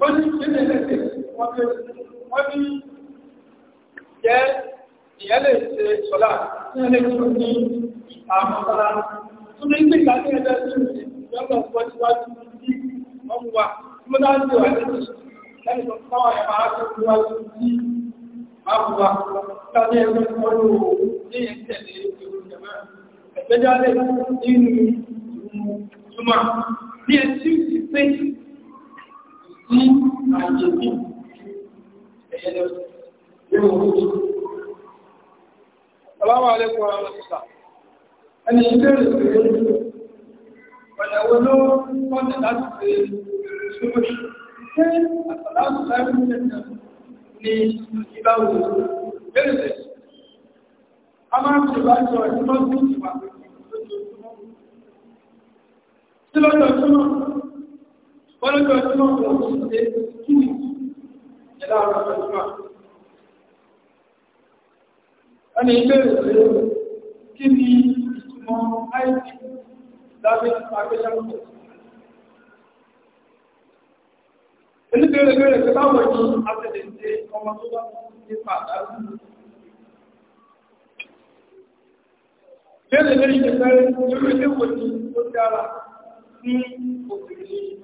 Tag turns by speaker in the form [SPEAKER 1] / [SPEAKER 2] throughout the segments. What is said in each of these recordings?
[SPEAKER 1] ó wọ́n bí jẹ́ ìyẹn lè sọ́lá tí wọ́n lè tún ní àwọn sọ́lá tó ní gbé ẹgbẹ́ tó ń yọ́pọ̀ pọ̀ síwájú sí wọ́n wà mo náà ń wà lẹ́sẹ̀ lẹ́yìn tó ní ẹ̀tẹ̀lé sí àyè ní ẹ̀yẹ lọ nínú ojú. Ọlọ́wọ́ alẹ́kùn ara ọ̀sà. Ẹni ìbéèrè pé ọ̀nà wo ló kọ́ni láti ṣe ṣubú ṣe àtàlásù láìpẹ́ ní ìbáwò bẹ́ẹ̀rẹ̀. A máa ń ṣe ìbáṣọ ìtọ́jú ìwà lójoojúmọ́. Sí lọ́jọ́ ìtọ́jú Ọlọ́jọ́ ọdún náà kò sí ṣe kí ni ẹ̀dá ọ̀rọ̀ ọ̀dúnmá. Ẹni ilé ìwé kí ni ìtumọ̀ àìsí lábẹ́ agbẹ́sàkọ̀. Ẹni pé báwo ni a tẹ̀lẹ̀ ọmọ tó bá nípa àdájú. Bẹ́ẹ̀ni lẹ́yìn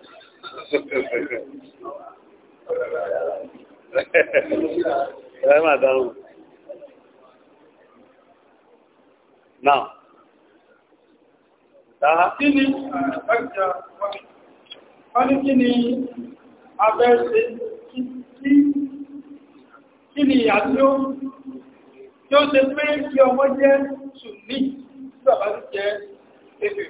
[SPEAKER 1] ẹ máa dáhùn náà dáhà kí ni ẹgbẹ̀ta wọ́n ní kí ni abẹ́ ṣe kí ni àdúró tí ó ṣe pé kí ọmọ jẹ́ sùn ní ìgbàbá jẹ́ ẹgbẹ̀rẹ̀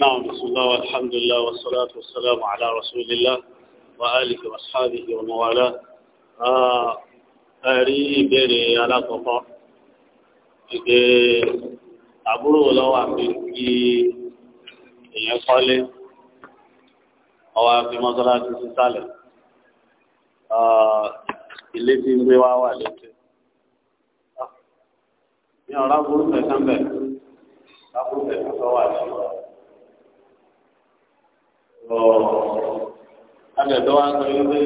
[SPEAKER 2] نعم بسم الله والحمد لله والصلاة والسلام على رسول الله وآله وأصحابه وموالاه ẹ̀rí ìbéèrè alákọ̀ọ́kọ́ ìgbé àbúrò lọ́wọ́ àfi kí èèyàn kọ́lé ọwọ́ àfi mọ́sálásí sísàlẹ̀ ilé tí ń gbé wá wà létí. ní ọ̀rá burúkú ẹ̀sán bẹ̀ lábúrú ẹ̀sán tó wà lẹ́yìn tó agbẹ̀dọ́ wa sọ yìí pé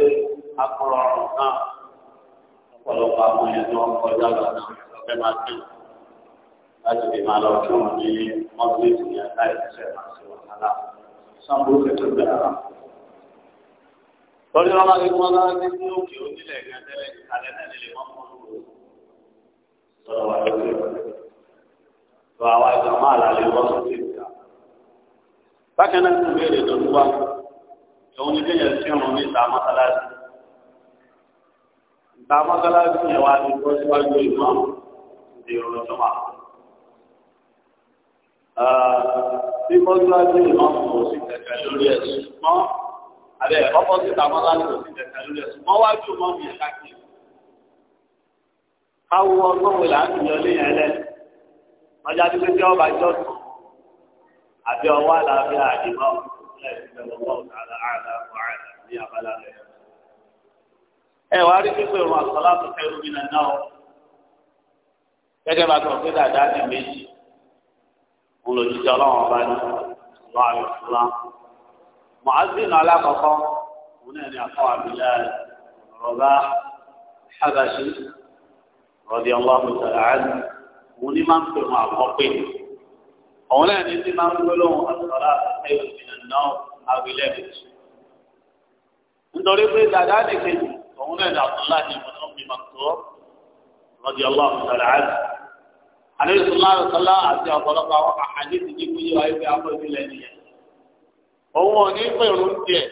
[SPEAKER 2] akọrọ ọ̀rọ̀ náà ọ̀pọ̀lọpọ̀ àwọn yẹn tó ń kọjá lọ náà lọ́fẹ́ máa tẹ̀ láti fi máa lọ kí wọn ní mọ́tíléèsì yẹn láì ṣe máa ṣe wọn kálá sanwó kẹtù gbẹ̀rẹ̀ lórí wọn máa ń gbọ́n náà ní kí òkè onílẹ̀ gẹ́gẹ́lẹ́ ìkàlẹ́ náà lè mọ́ mọ́ lóru sọ̀rọ̀ wà lókè bákan náà tún béèrè lọ́dún wa ìwọ ní kéèyàn sí ọ̀run ní ìta mọ́sálásí ìta mọ́sálásí yẹn wá ti bọ́ síwájú ìmọ̀ ìdè ìrọ̀lọ́ tó wà. bí mọ́sálásí ìmọ̀ kò sí kẹ̀kẹ́ lórí
[SPEAKER 1] ẹ̀sùn mọ́ àbẹ̀ ọkọ̀ sí ìta mọ́sálásí kò sí
[SPEAKER 2] kẹ̀kẹ́ lórí ẹ̀sùn mọ́ wájú mọ́ mi ẹ̀ká kì í. káwọ ọgbọ́n wò àbí ọwọ́ àlàáfíà àdìmọ́ ẹ wá rí pípé ìrùn àsọlá tó fẹ́ rú mi nàná o gẹ́gẹ́ bá tó pé dàda ti méjì mo lò jíjẹ ọlọ́run ọba ní ìlú àyọ̀fúnlá mọ̀ázìn alákọ̀ọ́kọ́ òun náà ni àfọwọ́ àbílẹ̀ rọ̀bá ṣàbàṣì rọ̀bì ọlọ́run tẹ̀lé àádùn ní máa ń pè wọn àkọ́pẹ́ àwọn náà ní ti máa ń gbólóhùn àtọ̀rà ẹ̀rù ìdìnnà náà àwílẹ̀ rẹ̀ tù. nítorí pé dàdá nìkan òun náà ní àtúnlá ní ìmọ̀tọ́ mi máa tó rọ́dí ọlọ́run sọ̀rọ̀ àjù. àlejò sọlá sọlá àti ọ̀pọ̀lọpọ̀ àwọn àhàjì ti dín kúyè wáyé pé àwọn ìbílẹ̀ nìyẹn. òun ò ní pè ń tiẹ̀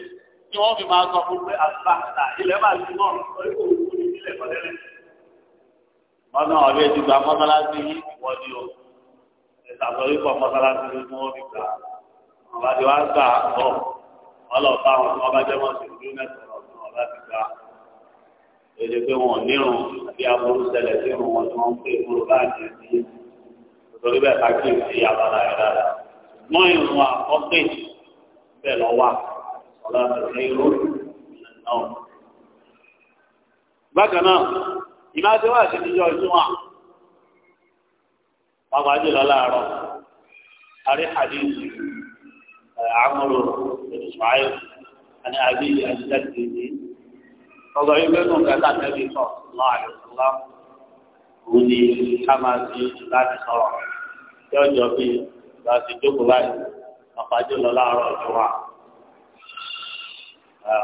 [SPEAKER 2] tí wọ́n fi máa sọ fún pé àtúbà ilẹ̀ máa ti mọ́ ọ̀rẹ́ ìtàsọ yìí pọ̀ mọ́sálásí ló mú wọn fi gbà ọba tí wàá gbà bọ̀ ọlọ́ọ̀bá wọn tí wọ́n bá jẹ́ wọn sì ń dúró nẹ́sọ̀rọ̀ fún ọba ti gbà èdè pé wọn nírun àbí aburú ṣẹlẹ̀ sí irun wọn tí wọ́n ń pè fún ọba àti ìdí
[SPEAKER 1] nítorí bẹ́ẹ̀ ká kí ìsí abala rẹ̀
[SPEAKER 2] dáadáa ṣùgbọ́n irun àkọ́pẹ́ bẹ́ẹ̀ lọ wà ọ̀la tẹ̀lé náà. bákan náà ìmáṣẹ́wà ti pàápàá jùlọ láàárọ̀ àrí hadith àmúrò ìṣòwáyò àti àbí àjíjáde ọgbà yìí gbẹ́nu gàdá tẹ́lẹ̀ kọ́ lọ́wọ́ àdìsọ́lá òun ni ká máa fi láti sọ̀rọ̀ tí ọjọ́ bíi láti jókòó báyìí pàápàá jùlọ láàárọ̀ ìjọba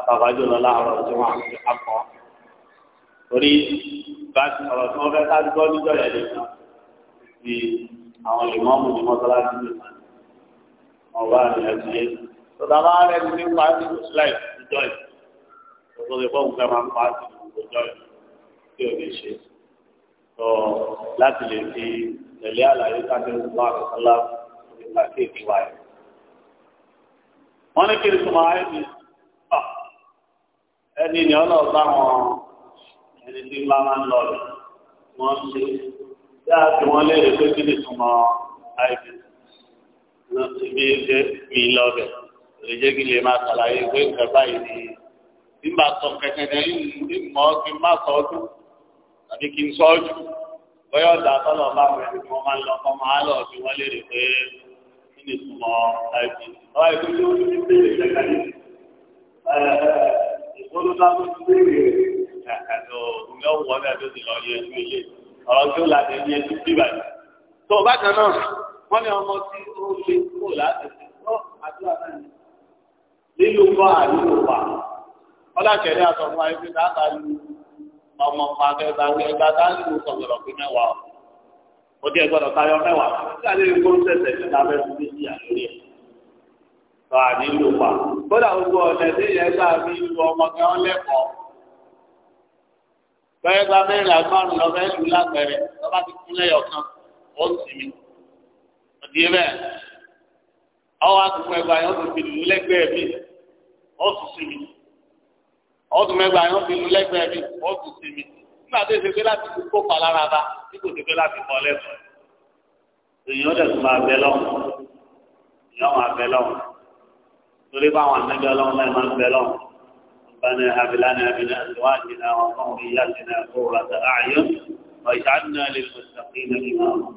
[SPEAKER 2] pàápàá jùlọ láàárọ̀ ìjọba àti akọ. torí bá ti sọ̀rọ̀ tí wọ́n fẹ́ ká gbọ́ níjọ́ yẹn lè fi ti àwọn ìmọ̀ọ́mù ní mọ́sálásí nìkan ọba àti ẹ̀sìn tọ́ta bá rẹ̀ ní pàṣẹ láì ìjọ ẹ̀ tó lè fọ́ nǹkan máa ń pàṣẹ ìjọ ẹ̀ tí ò lè ṣe tó láti lè fi tẹ̀lé àlàyé káfíń bá àkọsọ́lá nípa kéèkì wáyé. wọ́n ní kí ni tó máa ń bí ẹni ni ọlọ́ọ̀bá wọn ẹni tí ń bá máa ń lọ rẹ̀ wọ́n ṣe dáa tí wọ́n léèrè pé kí ni túmọ̀ àìsàn ibi ẹgbẹ́ mi lọ́bẹ̀ lè jẹ́ kí lè máa ṣàlàyé pé nǹkan báyìí ni bí mà sọ kẹ̀kẹ́ ní mọ́ kí n má sọ ọdún tàbí kí n sọ ọdún bọ́yọ̀ ọ̀dà tọ́lọ̀ bá wẹ̀ ni wọ́n máa ń lọ kọ́ máa lọ bí wọ́n léèrè pé kí ni túmọ̀ àìsàn ọ̀ ẹ̀kọ́ tí ó ti bèèrè lẹ́ka ní ìfowópamọ́ ti bèèrè ẹ̀ka tó ń lọ́wọ́ ọ̀dà tó ti lọ yẹ ẹ̀kọ́ ilé ìt ọ̀rọ̀ tí ó là dé ní ẹtú bíbà yìí. tó o bá kan náà wọ́n ní ọmọ tí ó lè kó láti ṣe àdúrà náà ní. lílo kọ́ àdúgbò pa ọlọ́kẹ̀lẹ́ àtọ̀fún ayé fi dáta lu ọmọ pàtẹ́ta wí ẹgbà tá ń lu sọ̀gbọ̀rọ̀ fún mẹ́wàá ó dé ẹgbọ́dọ̀ tayọ mẹ́wàá tí a lè rí kó ń tẹ̀sẹ̀ ní lábẹ́
[SPEAKER 1] fún méjì àlórí ẹ̀
[SPEAKER 2] bẹ́ẹ̀ gba mẹ́rin àgbọ̀n lọ bẹ́ẹ̀ lù lágbẹ̀rẹ̀ lọ́ba ti kún lẹ́yọ̀ kan ó sì mí. Òdì bẹ́ẹ̀ ọwọ́ àtúntò ẹgbà yẹn ó ti fi lù lẹ́gbẹ̀ẹ́ mi ó sì sí mi. Ọwọ́ àtúntò ẹgbà yẹn ó fi lù lẹ́gbẹ̀ẹ́ mi ó sì sí
[SPEAKER 1] mi. Nígbà tó ṣe pé láti fi kó
[SPEAKER 2] palára bá tí kò ṣe pé láti kọ́ lẹ́sọ̀. Èèyàn dẹ̀ tún máa bẹ lọ́wọ́. Èèyàn máa máa bẹ lọ́wọ́. ربنا هب لنا من أزواجنا وذرياتنا قرة أعين واجعلنا للمتقين إماما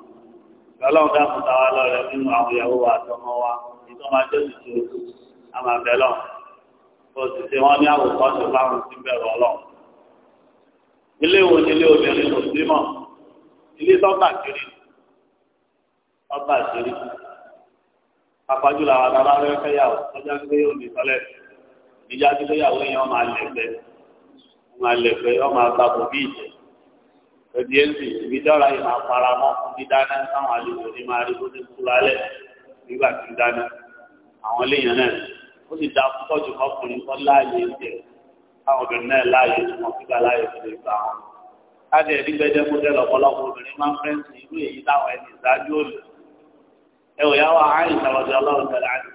[SPEAKER 1] فلو دام تعالى يمين أو يهوى
[SPEAKER 2] سموا إنما جسد أما بلون فسيواني أو قاسم فهم سنبه ولون
[SPEAKER 1] ilé wo ni ilé obìnrin mùsùlùmọ̀
[SPEAKER 2] ilé tọ́gbà kiri ọgbà kiri apájú làwọn ará rẹ ọjà ń gbé omi sọlẹ̀ sí ìjà tó lóyàwó yẹn ọmọ alẹ̀fẹ́ ọmọ alẹ̀fẹ́ ọmọ àgbàbọ̀ bí ìjẹ́ ẹbí ẹbí ibi dára yìí máa fara mọ́ ibi dáná táwọn àlejò ní máa rí bóni kú lálẹ́ nígbà tí ń dáná àwọn léèyàn náà ó sì dá púpọ̀ jù ọkùnrin kan láàyè jẹ káwọn obìnrin náà láàyè tí wọn fi gba láàyè fún ìgbà wọn. káde ẹbí gbẹdẹ mú dé lọ́pọ̀lọpọ̀ obìnrin máa ń fẹ́ sí irú èyí táwọn ẹni ìdájú òòlù.
[SPEAKER 1] ẹ ò yá wa àyìn sàrọ̀dẹ̀ ọlọ́run tẹ̀lé àti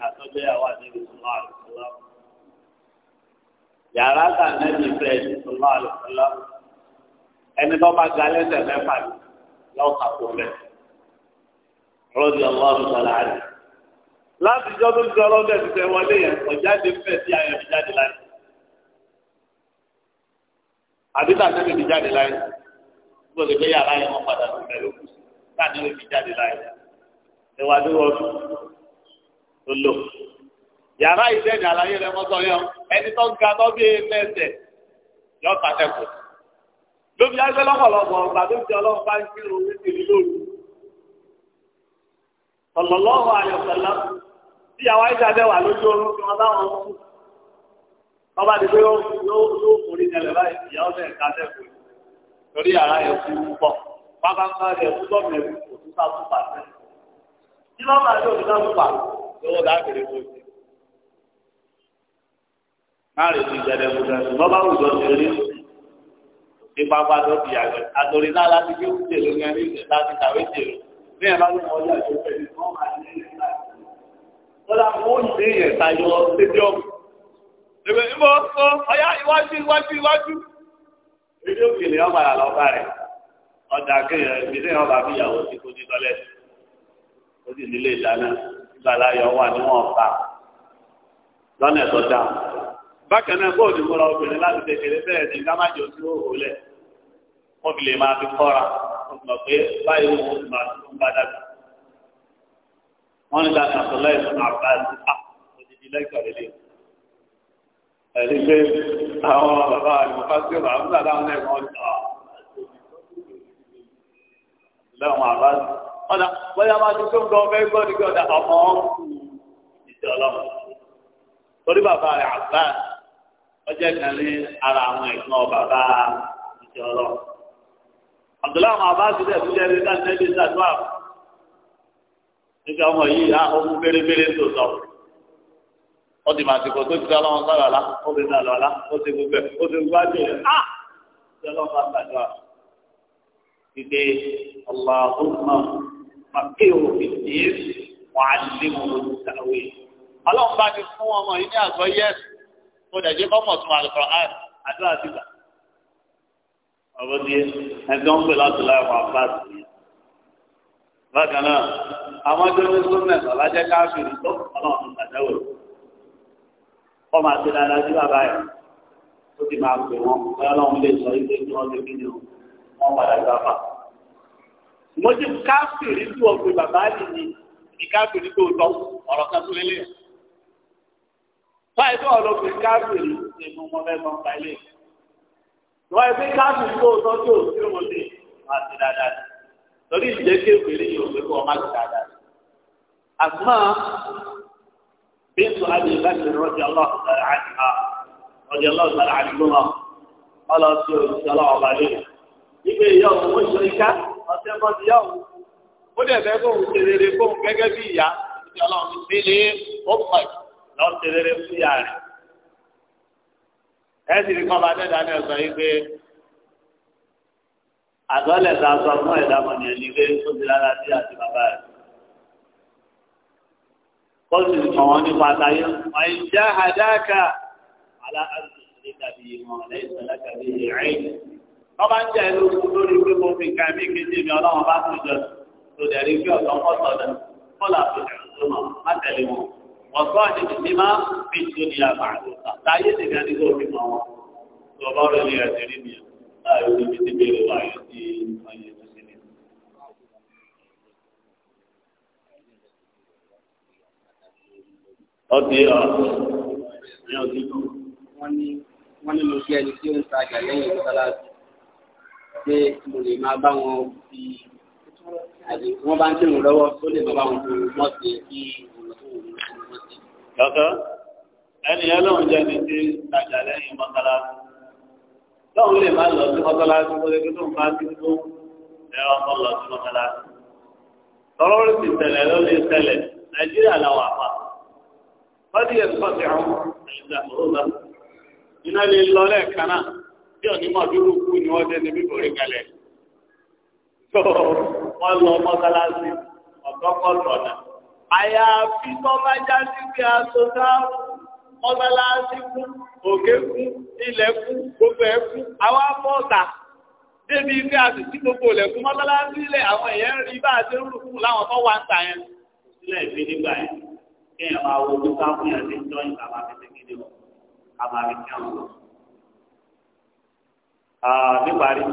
[SPEAKER 2] yàrá ta nẹ́bí bẹ́ẹ̀ ní sọlá àlùfẹ́lá ẹni tó bá ga lẹ́sẹ̀ mẹ́fà ni yóò kàkó rẹ̀ rọ́ọ̀dì ọlọ́run sọlá rẹ̀ láti jọ́ tó ti ọlọ́dẹ ti tẹ̀ wọlé yẹn kò jáde fẹ́ sí ayọ̀ ti jáde láyé àdìsá nẹ́bí ti jáde láyé gbọ́dọ̀ gbé yàrá yẹn wọ́n padà sí pẹ̀lú kùsù káà nẹ́bí ti jáde láyé ẹ̀wà ló wọ́n tó yàrá ìdẹ́ni àlàyé rẹ mọ́tọ́ yẹn ẹni tó ń ga tó bí ẹlẹ́sẹ̀ yọ pàtẹ́kù lóbi ẹgbẹ́ lọ́pọ̀lọpọ̀ ọgbà tó ti ọlọ́run bá ń kírun ní lóru ọ̀lọ́lọ́run àyọ̀sọ̀lá tí yàrá ìdàdẹ́ wà lójú oorun láwọn ọba ti ní ìyá ọ̀sẹ̀ torí yàrá yẹn kú púpọ̀ kú káàrin ti gbẹdẹ gbọdọ ṣùgbọ́n bá wùdọ̀ ti rí ní pápá tó ti yàgbẹ́ àtòrí náà láti gbé wúdè ló ń yẹn ní ìṣẹ̀ láti kàwé tèrè ní ẹ̀ bá ló ń wọlé àti ìṣẹ̀ ní wọ́n máa ń lé ẹ̀ láti. wọ́n dà mú ìdí yẹn tayọ stadium. èmi ń bọ̀
[SPEAKER 1] sọ ọ̀yá iwájú iwájú iwájú.
[SPEAKER 2] èdè òkèlè ọba yà lọ́ba rẹ̀ ọjà kéèyàn ìbílẹ̀ ọba bí ìyàwó ti kó ní tọ́lẹ̀ ó sì nílé ìdáná ìgbàlá yọ wà níwọ̀n pa lọ́nà ẹ̀tọ́ dáhùn bákan náà bóòdù múra obìnrin láti tẹ̀sẹ̀rẹ́ bẹ́ẹ̀ ni gámájọ tí ó hò lẹ̀ wọ́n fi lè máa fi kọ́ra wọ́n mọ̀ pé báyìí wọ́n ti máa tún bá dàgbà.
[SPEAKER 1] wọ́n ní láti àtọ́lá ìfún àbá
[SPEAKER 2] nípa òdìdí lẹ́kọ̀ọ́ lélẹ̀. ẹ̀rí pé àwọn bàbá àlùfá tí ó bá ń gbà láwọn ẹ̀kọ́ ọ̀dà lẹ́wọ̀n àbá ọ̀dà bóyá máa ti tó ń lọ fẹ́ gbọ́ nígbà ọ̀dà ọmọ ìjọ ọlọ́run torí bàbá rẹ̀ àbá ọjọ́ kan ní ara àwọn ẹ̀gbọ́n bàbá ìjọ lọ. Abdullahi Abba ti dẹ̀ fi jẹ́rìí náà tẹ́lẹ̀ ṣàdúrà. Nígbà ọmọ yìí á ọmú bérebére tó sọ. Ó ti màá ti kò tó ti sọ lọ́wọ́ sọ̀rọ̀ ọ̀la, ó ti sọ̀rọ̀ ọ̀la, ó ti gbogbo ẹ̀, ó ti gbogbo àjò rẹ̀. Á ah! ṣe lọ́wọ́ bá gbàdúrà. Ìdè Allahumma Makéwò Ìdíyé wàá lé mọ́ lórí ìtàwé. Ọlọ́run bá ti fún ọmọ yìí ní àgbọ̀ yẹ́sì kó dẹ̀ jẹ́ kọ́mọ̀ tún Al-Qur'an àdúrà ti gbà. ọ̀bọ̀ di ẹgbẹ́ ń pè láti láì wọ àbáàsì yìí. bákan náà àwọn tó ní gómìnà ọ̀làjẹ́ káfíìrì tó ọlọ́run tàdáwò kọ́ máa ti dáadáa sí bàbá yẹn ó ti máa pè wọ́n ọlọ́run lè sọ ilé tí wọ́n ti kí ni o wọ́n padà gbà fà. mo ti káfíìrì tí wọ́n pe bàbá yìí ni ìkáfíìrì tó tọ́ ọ̀rọ̀ kan tó lélẹ̀ báyìí bọ́ọ̀ ló fi káàpì rí ṣe mú ọmọ mẹ́gbọ́n pa ilé ìwọ ẹgbẹ́ káàpì tó tọ́ tí ò sí òun lè máa ti dáadáa torí ìjẹ́ kéwìrì yìí ò pé kó ọmọ ti dáadáa àmọ́ bíntu àbí ìbáṣe rọ́jà ọlọ́run tàrà àdìmá rọ́jà ọlọ́run tàrà àdìmá ọlọ́sí òṣìṣẹ́ ọlọ́run bá lè ìgbé ìyá òun ṣe ká ọ̀sẹ̀ kan ti yá lọ́sẹ̀ rere fún ìyá rẹ̀ ẹ sì rí kọ́ba dẹ́dá ní ọ̀sán yìí pé àgọ́lẹ̀ ta sọ fún ẹ̀dá mọ̀nìyàn ní pé ó ti rárá sí àti bàbá rẹ̀ ó sì mọ̀ wọ́n nípa táyé ọ̀yìn já àdáàkà aláàbò ní tàbí ìmọ̀ lẹ́yìn sọ̀láka bí ìrìn. wọ́n bá ń jẹ́ ẹlú fún lórí pé mo fi nǹkan mí kéde mi ọlọ́run bá tún jọ tó kí ọ̀sán pọ̀ ọ̀sán àti ìdìbímá fi tó ní àmàlùkà láyé nìkan ní kò fi mọ wọn tó bá rẹ̀ lè àti rí mi láàrin níbi tí bèrè wà yóò di ọyẹ tó sì ní. ó ti ọ
[SPEAKER 1] ní ọdún tó. wọ́n ní wọ́n ní mo fi ẹni tí ó ń tajà lẹ́yìn mọ́sálásí pé mo lè máa bá wọn fi
[SPEAKER 2] àyè bá ń tẹ̀wọ̀n lọ́wọ́ tó lè máa bá wọn fi mọ́ọ̀sì kí òun tó kọ̀ọ̀kan ẹni yẹn lóun jẹ́ ní ti tajà lẹ́yìn mọ́sálásí
[SPEAKER 1] lóun lè má lọ sí mọ́sálásí kó
[SPEAKER 2] lè kí tóun bá ti tó ẹ̀rọ ọmọ lọ sí mọ́sálásí. tọ́lọ́ rẹ̀ ti tẹ̀lẹ̀ ló lè tẹ̀lẹ̀ nàìjíríà làwọn àpá wọ́n ti yẹ sọ́ọ̀tì àwọn ìgbà tó lọ. iná lè lọ lẹ́ẹ̀kan náà bí onímọ̀ dúró kú ni wọ́n dé níbi ìbòrí kalẹ̀. tó wọ́n lọ mọ́sálásí ọ̀gọ́kọ̀ tọ̀nà àyàfi tọ́lá jásí pé aṣọ sáà mọ́sálásí kú òkè kú ilẹ̀ kú gbogbo ẹ̀ kú àwọn afọ́ọ̀tà débi pé a sì sí gbogbo ilẹ̀ kú mọ́sálásí ilẹ̀ àwọn èèyàn rí bá a ṣe ń rù fún láwọn tó wà ń tà yẹn. sílẹ̀ ìgbé nígbà yẹn kí èèyàn máa wo ojú sáfún yẹn ní jọ́yìn bàbá mi ti kéde wọn bàbá mi kí wọn lọ. níparí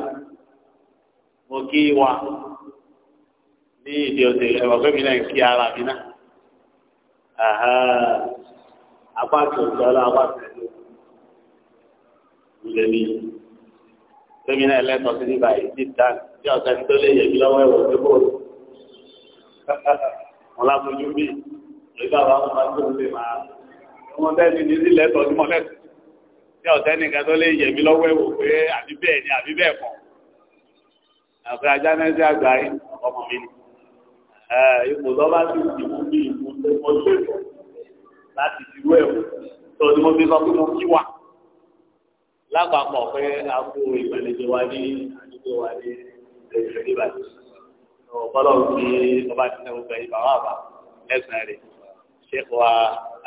[SPEAKER 2] mo kí wa ní ìdí ọ̀sẹ̀ ẹ̀wọ̀n pé mi náà kí ara mi náà apá kìí ọ̀la apá kìí ọ̀la lẹ́mi lẹ́mi náà lẹ́tọ̀ sí ní báyìí ti dá tí ọ̀sẹ̀ tó lè yẹ mí lọ́wọ́ ẹ̀wọ̀n pé bóòlù wọn lábójú bí ìgbà wa wọn máa tó lè máa wọn tẹ́sí ní sílẹ̀ tọ́ sí mọ́lẹ́sì tí ọ̀sẹ̀ nìkan tó lè yẹ mí lọ́wọ́ ẹ̀wọ̀n pé àbí bẹ́ẹ̀ ni àbí bẹ́ẹ̀ kọ́ àfẹ́ ajá náà sí àgbáyé ọmọ mi ni ipò tó bá ti ti mú bí ìmú tó mọ tó ìmọ̀ láti ti rú ẹ̀wọ̀ tó ni mo fi sọ pé mo kí wà lápapọ̀ pé a kó ìgbàlejò wa ní àdúgbò wa ní ìgbàlejò ìbàdàn ọ̀pọ̀lọ̀ ti ọba ti sẹ́wọ́n gbẹ̀yìn bàbá àbá lẹ́sàn rẹ̀ ṣẹ́kọ̀ wa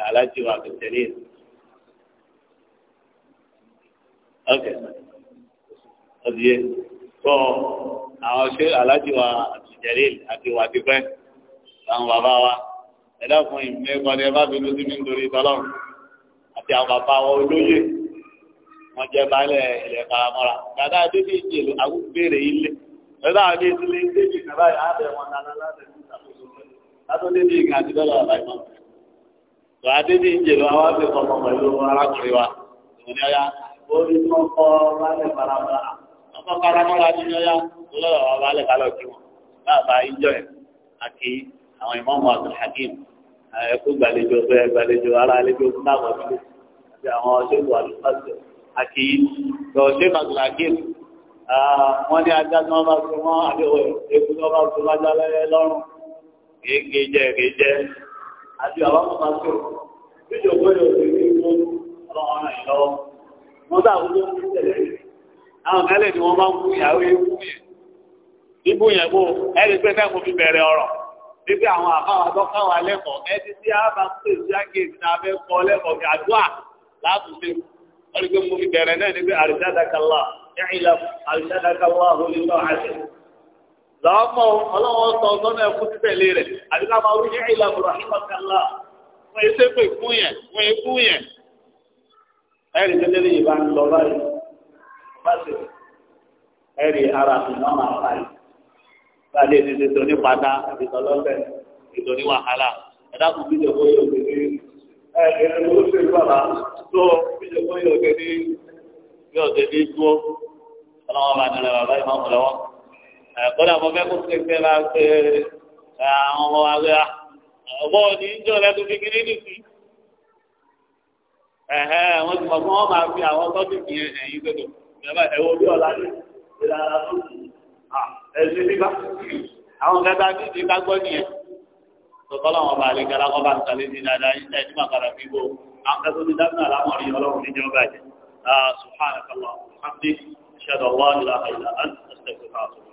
[SPEAKER 2] aláàjì wa kò tẹ̀lé ẹ̀. ọ̀dìyẹ tó àwọn ṣe aláàjì wa àtìjẹrẹ àti wà ti pẹ́ àwọn bàbá wa ẹ̀dá fún ìmọ̀ ẹ̀kọ́ ni ẹ bá fi lóṣù nítorí tọ́lọ́run àti àwọn bàbá wa olóyè wọn jẹ baálẹ̀ ilẹ̀ faramọ́ra dàda adébí ìjì èlò àgùnbèrè ilé ẹ̀dá àbí ìdílé débì nàbà yà á bẹ̀ wọn dáná láti ṣàkóso látó débì ìgbà àti dọ́là àbáyọ. tó adébí ìjì èlò àwọn àti ọmọ pẹ̀lú arákùnrin wa ìwọ̀n ni ọ̀yà ó ní kọ́kọ́ baálẹ̀ faramọ́ra wọn kára mọ́ra ní ọ̀yá
[SPEAKER 1] lọ́wọ́
[SPEAKER 2] àwọn alẹ́ kálọ̀ kí wọn bàbá ìjọ ẹ̀ àti àwọn ìmọ̀ọ́mọ́ àti hakim ẹ̀kú gbàlejò bẹ́ẹ̀ gbàlejò ara àlejò náà àti àwọn ṣẹ́gun àlùfáàṣẹ àti lọ́ọ̀ṣẹ́ màgbà hakim wọ́n ní ajá tí wọ́n bá fi wọ́n àbí ewu tí wọ́n bá fi wọ́n ajá lẹ́yẹ lọ́rùn kéèké jẹ kéèjẹ àti àwọn ọmọ bá tó bíjọ gbọ́dọ̀ àwọn kálẹ̀ ni wọ́n máa ń kú ìyàwó ewu yẹn ibú yẹn bó ẹni pé fẹ́ẹ́ fi bẹ̀rẹ̀ ọ̀rọ̀ níbi àwọn ẹni tí a bá pè sí náà fẹ́ kọ́ lẹ́kọ̀ọ́ kí àdúrà wọ́n ní pé mo fi bẹ̀rẹ̀ náà níbi fásitì ẹ̀rí ara mi náà máa fà yìí láti ní ti tóní pátá àti tọ́lọ́fẹ̀ ìtòní wàhálà ẹ̀dá kò bíjọ kó yóò gbé ní ẹ̀ẹ́dẹ̀ẹ́dẹ́ ló ṣe bàbá tó bíjọ kó yóò gbé ní yóò gbé ní dúró ọlọ́wọ́ bá nílẹ̀ bàbá yìí máa ń lọ́wọ́ ẹ̀kọ́dà mo fẹ́ kó ṣe la ṣe àwọn ọmọ wa gbé òní ń jọ lẹ́nu fi kiri ẹ̀hẹ́ wọ́n ti mọ̀ fún wọn máa fi àwọn tọ́jú kìí ẹ̀yìn gbẹ̀dọ̀ ìjọba
[SPEAKER 1] subhanakallah alhamdulilayi ṣe àdọ̀wọ́ àdúrà àìlà àti